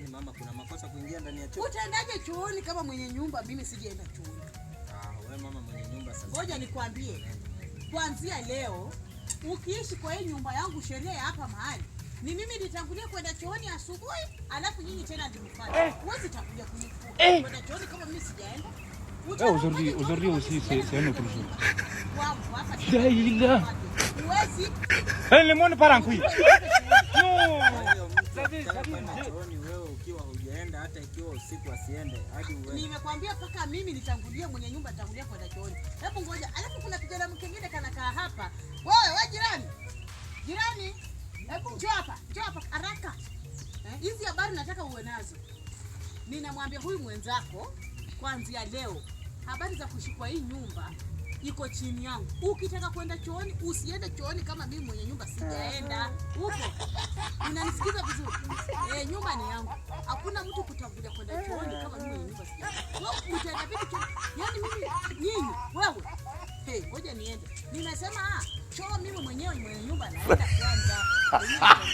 Kwani mama, kuna makosa kuingia ndani ya choo? Utaendaje chooni kama mwenye nyumba? Mimi sijaenda chooni. Ah, wewe mama mwenye nyumba sasa. Ngoja nikwambie, kuanzia leo ukiishi kwa hii nyumba yangu, sheria ya hapa mahali ni mimi nitangulia kwenda chooni asubuhi, alafu nyinyi tena ndimfanye. Eh. Huwezi takuja kunifuata eh. kwenda chooni kama mimi sijaenda. Eh, Aujourd'hui, uzuri aussi, c'est un autre jour. Là, il est là. Le monde part en couille. Non hata ikiwa usiku asiende hadi uwe. Nimekwambia paka mimi nitangulia, mwenye nyumba nitangulia kwenda chooni. Hebu ngoja, alafu kuna kijana mwingine kanakaa hapa. Wewe wewe, jirani, jirani, hebu njoo hapa, njoo hapa haraka. Eh, hizi habari nataka uwe nazo. Ninamwambia huyu mwenzako kuanzia leo, habari za kushikwa hii nyumba iko chini yangu. Ukitaka kwenda chooni usiende chooni kama mimi mwenye nyumba sijaenda. huko. unanisikiza vizuri? Yaani mimi nyinyi wewe. Hey, ngoja niende. Nimesema ah, choo mimi mwenyewe mwenye nyumba naenda kwanza.